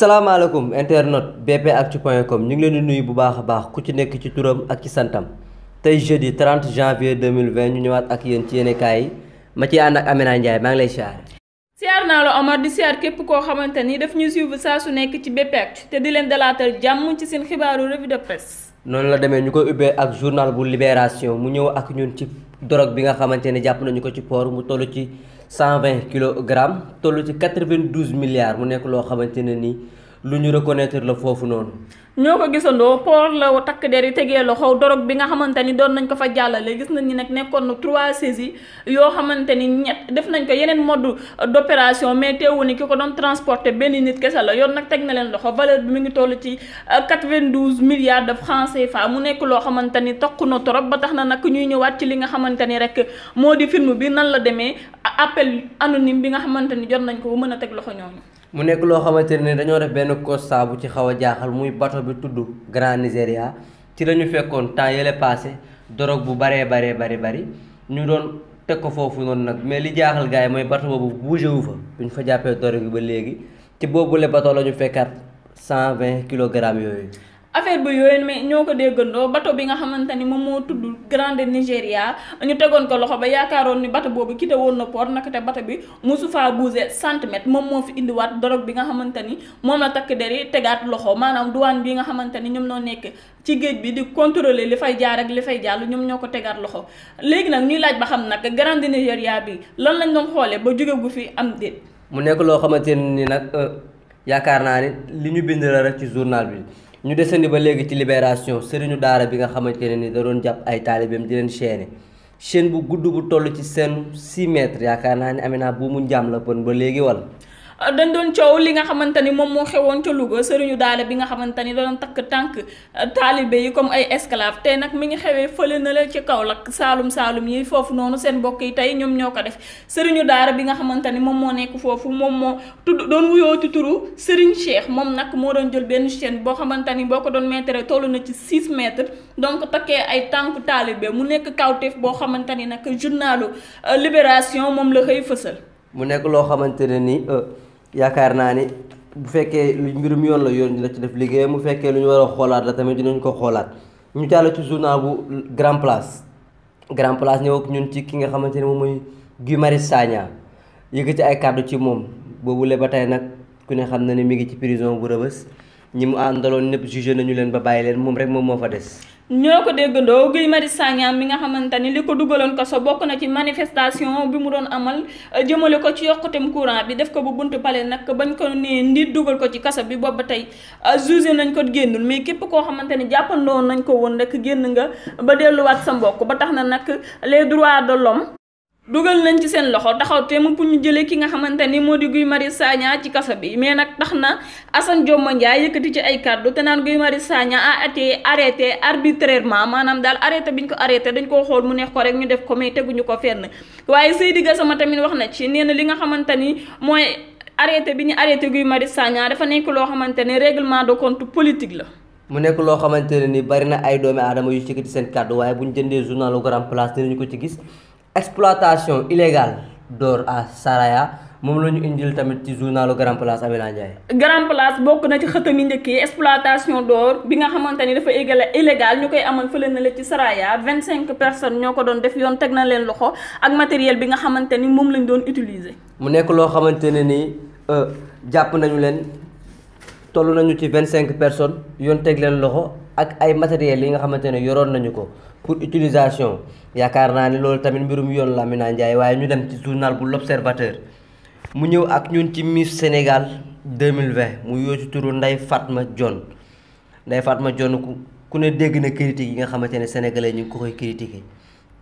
salaamaaleykum internet comme ñu ngi leen di nuyu bu baax a baax ku ci nekk ci turam ak ci santam tey jeudi 30 janvier 2020 ñu ñëwaat ak yéen ci yéenekaay yi ma ciy ànd ak Amina Ndiaye maa ngi lay siyaare. siyaar naa la Omar di siyaar képp koo xamante ni daf ñuy suivre saa su nekk ci ak te di leen dalaatal jàmm ci seen xibaaru revue de presse. noonu la demee ñu ko ubbee ak journal bu libération mu ñëw ak ñun ci drogue bi nga xamante ne jàpp nañu ko ci port mu toll ci 120 kilogrammes toll ci 92 milliards mu nekk loo xamante ne nii. lu ñu reconnaître la foofu noonu. ñoo ko gisandoo port la takk der yi tegee loxo dorog bi nga xamante ni doon nañ ko fa jàllale gis nañ ni nag nekkoon na trois saisies yoo xamante ni ñett def nañ ko yeneen mode d'opération mais teewu ni ki ko doon transporter benn nit kese la yoon nag teg na leen loxo valeur bi mu ngi toll ci euh, quatre-vingt-douze milliards de francs CFA mu nekk loo xamante ni toq na trop ba tax na nag ñuy ñëwaat ci li nga xamante ni rek moo di film bi nan la demee appel anonyme bi nga xamante ni jot nañ ko mën a teg loxo ñooñu. mu nekk loo xamante ne dañoo def benn constat bu ci xaw a jaaxal muy bato bi tudd Grand Nigeria ci la ñu fekkoon temps yële passé dorog bu baree baree bari bari ñu doon teg ko foofu noonu nag mais li jaaxal gars yi mooy bato boobu bougé wu fa bu ñu fa jàppee dorog bi ba léegi ci boobule bato la ñu fekkaat cent vingt kilogrammes yooyu. affaire bi yooyu mais ñoo ko déggandoo bato bi nga xamante ni moom moo tudd Grande Nigeria ñu tegoon ko loxo ba yaakaaroon ni bato boobu quitté woon na port naka te bato bi mosu faa bougé centimètre moom moo fi indiwaat drogue bi nga xamante ni moom la takk der tegaat loxo maanaam douane bi nga xamante ni ñoom noo nekk ci géej bi di contrôler li fay jaar ak li fay jàll ñoom ñoo ko tegaat loxo. léegi nag ñuy laaj ba xam nag Grande Nigeria bi lan lañ doon xoolee ba jóge gu fi am déet. mu nekk loo xamante ni nag euh, yaakaar naa ne li ñu bind la rek ci journal bi. ñu desandi ba léegi ci libération sëriñu daara bi nga xamante ne ni da doon jàpp ay taalibeem di leen chaîne chaîne bu gudd bu toll ci seen 6 mètres yaakaar naa ne amee naa bu mu njaam la pën ba léegi wal dañ doon coow li nga xamante ni moom moo xewoon ca Louga sëriñu daara bi nga xamante ni da doon takk tànk taalibe yi comme ay esclave tey nag mi ngi xewee fële na la ci Kaolack saalum saalum yi foofu noonu seen mbokk yi tey ñoom ñoo ko def sëriñu daara bi nga xamante ni moom moo nekk foofu moom moo tudd doon wuyoo ci turu Serigne Cheikh moom nag moo doon jël benn chaine boo xamante ni boo ko doon meetere toll na ci 6 mètres donc takkee ay tànk taalibe mu nekk kawteef boo xamante ni nag journalu euh, Libération moom la xëy fësal. mu nekk loo xamante ne ni euh, yaakaar naa ni bu fekkee lu mbirum yoon la yoon la ci def liggéeyam bu fekkee lu ñu war a xoolaat la tamit dinañ ko xoolaat ñu jàll ci journal bu Grand Place Grand Place ñëw ak ñun ci ki nga xamante ne moom mooy Guy Marius Sagna ci ay kàddu ci moom boobule ba tey nag ku ne xam na ne mi ngi ci prison bu rëbës ñi mu àndaloon ñëpp jugé nañu leen ba bàyyi leen moom rek moom moo fa des. ñoo ko dégg déggandoo Guy Marius Sagna mi nga xamante ni li ko dugaloon kaso bokk na ci manifestation bi mu doon amal eh, jëmale ko ci yokkutem courant bi def ko bu bunt pale nag bañ ko ne ndi dugal ko ci kaso bi boobu tey eh, jugé nañ ko génnul mais képp koo xamante ni jàppandoo nañ ko woon rek génn nga ba delluwaat sa mbokk ba tax na nag les droit de lome dugal nañ ci seen loxo taxaw teem pour ñu jëlee ki nga xamante ni moo di Guy mari Sagna ci kaso bi mais nag tax na Assane Dioma Ndiaye yëkkati ci ay kàddu te naan Guy Marius Sagna a été arrêté arbitrairement maanaam daal arrêté bi ñu ko arrêté dañ koo xool mu neex ko rek ñu def ko mais ñu ko fenn waaye Seydi sama tamit wax na ci nee na li nga xamante ni mooy arrêté bi ñu arrêté Guy Marius Sagna dafa nekk loo xamante ne règlement de compte politique la. mu nekk loo xamante ne ni bari na ay doomi aadama yu seen kàddu waaye bu ñu jëndee journal Grand Place dinañu ko ci gis. exploitation illégale d'or à Saraya moom la ñu indil tamit ci journalu Grand Place Amina Ndiaye. Grand Place bokk na ci xëtam yi njëkk yi exploitation d'or bi nga xamante ni dafa égale illégal ñu koy amal fële na la ci Saraya vingt cinq personne ñoo ko doon def yoon teg na leen loxo ak matériel bi nga xamante ni moom lañu doon utiliser. mu nekk loo xamante ne ni euh, jàpp nañu leen toll nañu ci vingt cinq personnes yoon teg leen loxo. ak ay matériels yi nga xamante ne yoroon nañu ko pour utilisation yaakaar naa ne loolu tamit mbirum yoon Lamina Ndiaye waaye ñu dem ci journal bu l'Observateur mu ñëw ak ñun ci Miss Sénégal deux vingt mu yoo ci turu Ndeye Fatma Dione Ndeye Fatma Dione ku ne dégg na critique yi nga xamante ne sénégalais ñu ngi ko koy critiquer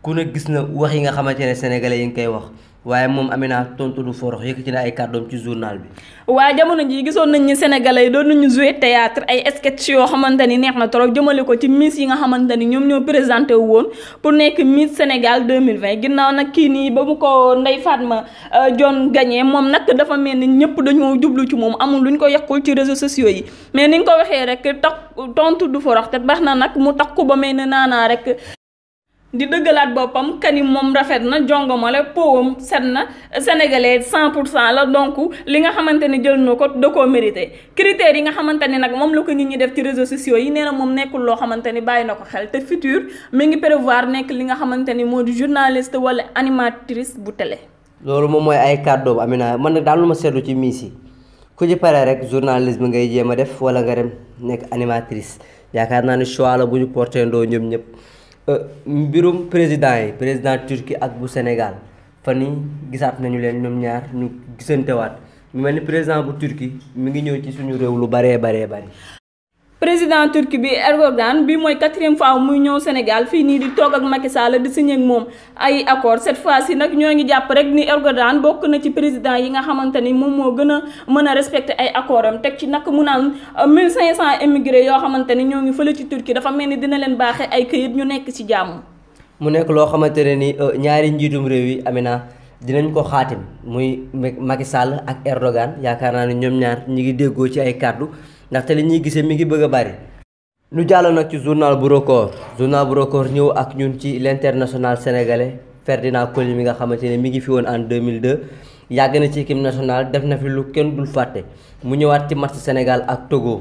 ku ne gis na wax yi nga xamante ne sénégale yi nga koy wax waaye moom Amina tontu du forox ci na ay kàddoom ci journal bi. waaye jamono jii gisoon nañ ni sénégalais yi doon nañu joué théâtre ay sketch yoo xamante ni neex na trop jëmale ko ci miss yi nga xamante ni ñoom ñoo présenté wu woon pour nekk Miss Sénégal 2020 ginnaaw nag kii nii ba mu ko faat ma euh, John gagné moom nag dafa mel ni ñëpp dañoo jublu ci moom amul lu ñu ko yàqul ci réseaux sociaux yi mais ni nga ko waxee rek tax tontu du forox te baax na nag mu takku ba mel ni naanaa rek. di dëggalaat boppam kani moom rafet na jongomale powam set na sénégalais cent pour cent la donc li nga xamante ni jël na ko da koo mérité critères yi nga xamante ni nag moom la ko ñu ñi def ci réseau sociaux yi nee na moom nekkul loo xamante ni bàyyi na ko xel te futur mi ngi prévoir nekk li nga xamante ni moo di journaliste wala animatrice bu télé. loolu moom mooy ay kàddoom Amina man nag daal lu ma seetlu ci miis yi ku ci paree rek journalisme ngay jéem a def wala nga nekk animatrice yaakaar ne choix la ñoom ñëpp. Euh, mbirum président yi président Turquie ak bu Sénégal fan yi gisaat nañu leen ñoom ñaar ñu gisantewaat mu mel ni président bu Turquie mu ngi ñëw ci suñu réew lu baree baree bari président turki bi Erdogan bi mooy quatrième fois muy ñëw Sénégal fii nii di toog ak Macky Sall di signé ak moom ay accord cette fois ci nag ñoo ngi jàpp rek ni Erdogan bokk na ci président yi nga xamante ni moom moo gën a mën a respecté ay accord am teg ci nag mu naan 1500 euh, émigrés yoo xamante ni ñoo ngi fële ci turki dafa mel ni dina leen baaxe ay këyit ñu nekk ci jàmm. mu nekk loo xamante ne ni euh, ñaari njiitum réew yi Amina dinañ ko xaatim muy Macky Sall ak Erdogan yaakaar naa ne ñoom ñaar ñi ngi déggoo ci ay kàddu. ndaxte li ñuy gisee mi ngi bëgg a bari nu jàlloon nag ci journal bu record journal ñëw ak ñun ci l'international sénégalais Ferdinand Coly mi nga xamante ne mi ngi fi woon en 2002 yàgg na ci équipe national def na fi lu kenn dul fàtte mu ñëwaat ci match Sénégal ak Togo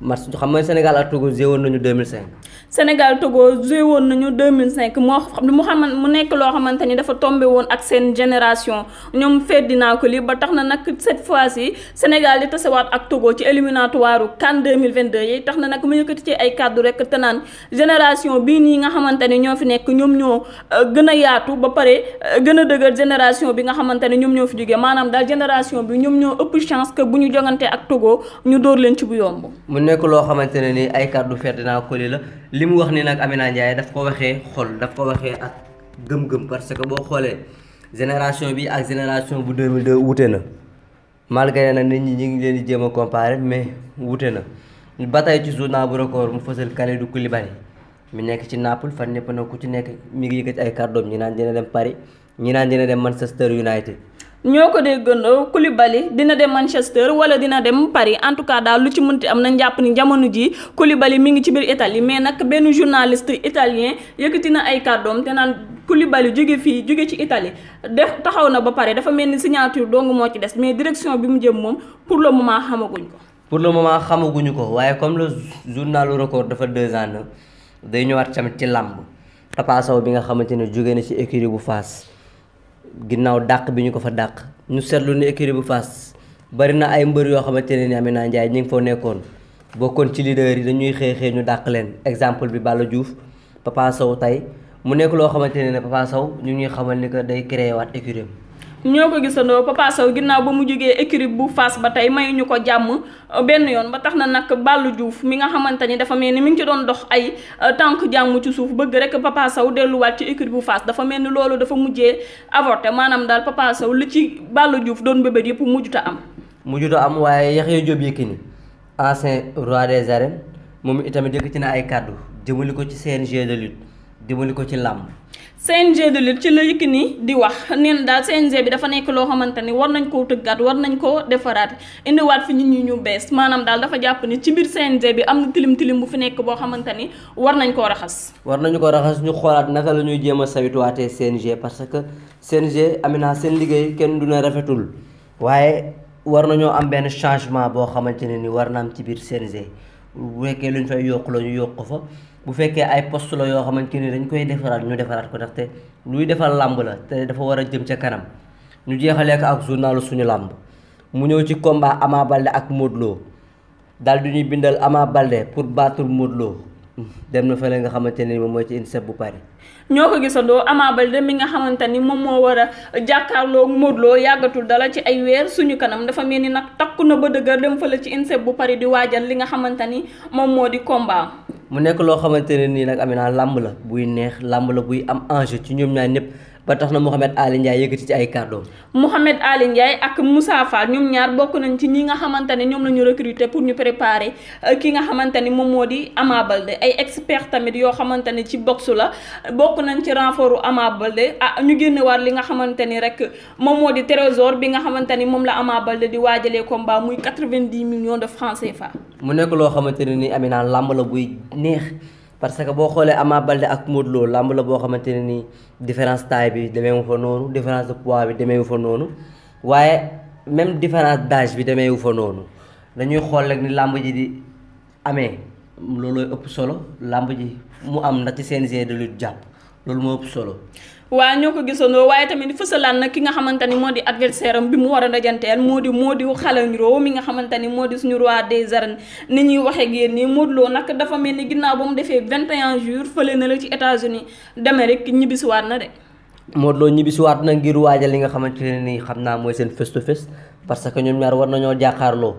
match xam nga Sénégal ak Togo joué woon nañu 2005. Sénégal Togo joué woon nañu 2005 moo xam mu xam mu nekk loo xamante ni dafa tombé woon ak seen génération ñoom naa Ferdinand Coly ba tax na nag cette fois yi Sénégal di tasewaat ak Togo ci éliminatuwaaru éliminatoire vingt 2022 yi tax na nag mu yëkkati ci ay kàddu rekk te naan génération bii nii nga xamante ne ñoo fi nekk ñoom ñoo euh, gën a yaatu ba pare euh, gën a dëgër génération bi nga xamante ne ñoom ñoo fi jógee maanaam daal génération bi ñoom ñoo ëpp chance bu ñu jogante ak Togo ñu dóor leen ci bu nekk loo xamante ne ni ay fet Ferdinand Coly la li mu wax ni nag Amina Ndiaye daf ko waxee xol daf ko waxee ak gëm-gëm parce que boo xoolee génération bi ak génération bu 2002 wute na malgré nag nit ñi ñu ngi leen di jéem a comparer mais wute na ba tey ci journal bu record mu fësal Kalidou Koulibaly mu nekk ci Naples fan ñëpp na ku ci nekk mi ngi yëkkati ay kàddoom ñi naan dina dem Paris ñi naan dina dem Manchester United ñoo ko déggandoo Koulibaly dina dem Manchester wala dina dem Paris en tout cas daal lu ci mënti am na jàpp ni jamono ji Koulibaly mi ngi ci biir Italie mais nag benn journaliste italien yëkkati na ay kàddoom te naan Koulibaly jóge fii jóge ci Italie def taxaw na ba pare dafa mel ni signature dong moo ci des mais direction bi mu jëm moom pour le moment xamaguñ ko. pour le moment xamaguñu ko waaye comme le journal record dafa deux ans day ñëwaat tamit ci làmb Papa bi nga xamante ne jóge na ci écurie bu Fass. ginnaaw dàq bi ñu ko fa dàq ñu seetlu ni écurie bu Fass bari na ay mbër yoo xamante ne ni naa Ndiaye ñi ngi foo nekkoon bokkoon ci leader yi dañuy xëy xëy ñu dàq leen exemple bi Balla Diouf Papa Sow tey mu nekk loo xamante ne ne Papa ñu ngi xamal ni que day créé waat écurie ñoo ko gisandoo Papa ginnaaw ba mu jógee écurie bu faas ba tey mayuñu ko jàmm uh, benn yoon ba tax na nag Ballou Diouf mi nga xamante ni dafa mel ni mi ngi ci doon dox ay uh, tànk jàmm ci suuf bëgg rek Papa delluwaat ci écurie bu faas dafa mel ni loolu dafa mujjee avorté maanaam daal Papa li ci Ballou Diouf doon bébét yëpp mujjuta am. mujjuta am waaye Yaxya Jóob Yékini ancien roi des arènes moom itamit ci na ay kàddu jëmale ko ci seen de lutte jëmale ko ci làmb. CNG de lutte ci la Yékini di wax nee na daal CNG bi dafa nekk loo xamante ni war nañ koo tëggaat war nañ koo defaraat indiwaat fi ñu ñi ñu bees maanaam daal dafa jàpp ni ci biir CNG bi am na tilim tilim bu fi nekk boo xamante ni war nañ koo raxas. war nañu ko raxas ñu xoolaat naka la ñuy jéem a sawituwaatee CNG parce que CNG amina seen liggéey kenn du ne rafetul waaye war nañoo am benn changement boo xamante ne ni war na am ci biir g bu fekkee luñ fay yokk la ñu yokk ko fa bu fekkee ay poste la yoo xamante ni dañ koy defaraat ñu defaraat ko ndaxte luy defar làmb la te dafa war a jëm ca kanam ñu jeexalee ko ak journalu suñu làmb mu ñëw ci combat Ama Baldé ak Modou Lo daal du ñuy bindal amaa Baldé pour baatul Modou dem na fële nga xamante ni moom mooy ci INSEP bu Paris. ñoo ko gisandoo Ama Baldé mi nga xamante ni moom moo war a jàkkaarloo Modou Lo yàggatul dala ci ay weer suñu kanam dafa mel ni nag takku na ba dëgër dem fële ci INSEP bu Paris di waajal li nga xamante ni moom moo di combat. mu nekk loo xamante ne nii nag Amina làmb la buy neex làmb la buy am enjeu ci ñoom ñaar ñëpp. ba tax na Mouhamed Ali Ndiaye yëkkati ci ay kàddoom. Mouhamed Ali Ndiaye ak Moussa Fall ñum ñaar bokk nañ ci ñi nga xamante ne ñoom lañu ñu pour ñu préparer euh, ki nga xamante ni moom moo di Ama Baldé ay expert tamit yoo xamante ne ci boxe la bokk nañ ci renfortu Ama Baldé ah ñu génne war li nga xamante ni rek moom moo di trésor bi nga xamante ni moom la Ama Baldé di waajalee combat muy quatre-vingt-dix millions de francs fa mu nekk loo xamante ne ni Amina làmb la buy neex. parce que boo xoolee amaa Baldé ak Modou Lo làmb la boo xamante ne nii différence taille bi demeewu fa noonu différence de poids bi demeewu fa noonu waaye même différence dage bi demeewu fa noonu dañuy xool rek ni làmb ji di amee loolooy ëpp solo làmb ji mu am na ci CNG de lutte jàpp. loolu moo ëpp solo. waaw ñoo ko gisandoo waaye tamit fësalaan na ki nga xamante ni moo di adversaire am bi mu war a dajanteel moo di moo di xalañ roo mi nga xamante ni moo di suñu roi des arènes ni ñuy waxee ak yéen nii loo nag dafa mel ni ginnaaw ba mu defee 21 jours fële na la ci États-Unis d'Amérique ñibbisiwaat na de. Modou loo ñibbisiwaat na ngir waajal li nga xamante ne nii xam naa mooy seen face to face parce que ñun ñaar war nañoo jàkkaarloo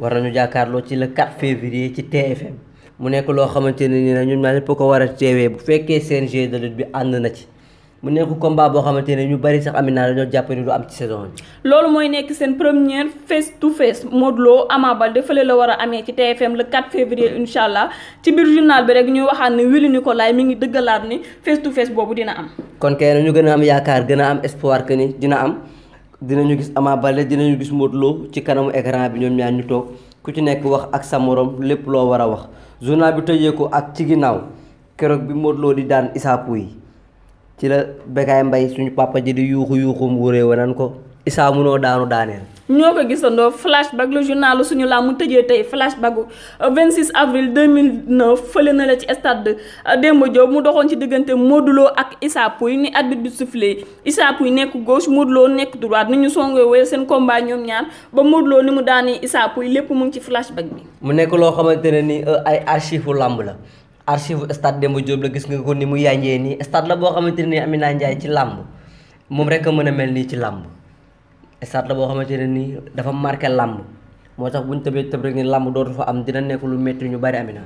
war nañu jàkkaarloo ci le 4 février ci TFM. mu nekk loo xamante ni ne ñu ñun ñëpp ko war a teewee bu fekkee CNG de lutte bi ànd na ci mu nekk combat boo xamante ne ñu bari sax Amina dañoo jàpp ne du am ci saison bi. loolu mooy nekk seen première face to face Modou Lo Ama Baldé fële la war a amee ci TFM la 4 février incha allah ci biir journal bi rek ñuy waxaat ne Willy Nicolai mi ngi dëggalaat ni face to face boobu dina am. kon na ñu gën a am yaakaar gën a am espoir que ni dina am dinañu gis Ama Baldé dinañu gis Modou ci kanamu écran bi ñoom ñaar ñu toog. ku ci nekk wax ak sa moroom lépp loo war a wax journal bi tëjee ko ak ci ginnaaw keroog bi Modou loo di daan Issa yi ci la Bécaye Mbaye suñu papa ji di yuuxu yuuxum wuree wanaan ko Issa munoo daanu daaneel. ñoo ko gisandoo flashback le journal suñu laa mu tëjee tey flashback 26 avril 2009 fële na la ci stade Demba Diop mu doxoon ci diggante Modou ak Issa Pouye ni arbitre bi soufflé Issa Pouye nekk gauche Modou Lo nekk droite ni ñu songee wéy seen combat ñoom ñaar ba Modou Lo ni mu daanee Issa Pouye lépp mu ngi ci bag bi. mu nekk loo xamante ne ni euh, ay archive u làmb la archive stade Demba Diop la gis nga ko ni mu yànjee nii stade la boo xamante ne nii Amina ci làmb moom rek a mën a mel nii ci làmb. stade la boo xamante ne nii dafa marke làmb moo tax bu ñu tëbee tëb rek ni làmb dootu fa am dina nekk lu métti ñu bari Amina.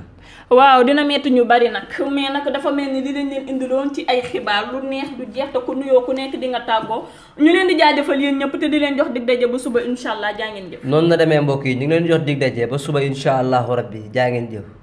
waaw dina métti ñu bari nag mais nag dafa mel ni li lañ leen indiloon ci ay xibaar lu neex du jeex te ku nuyoo ku nekk di nga tàggoo ñu leen di jaajëfal yéen ñëpp te di leen jox dig daje ba suba incha allah jaa ngeen noonu la demee mbokk yi ñu ngi leen jox dig ba suba incha allahu rabbi jaa ngeen jëf.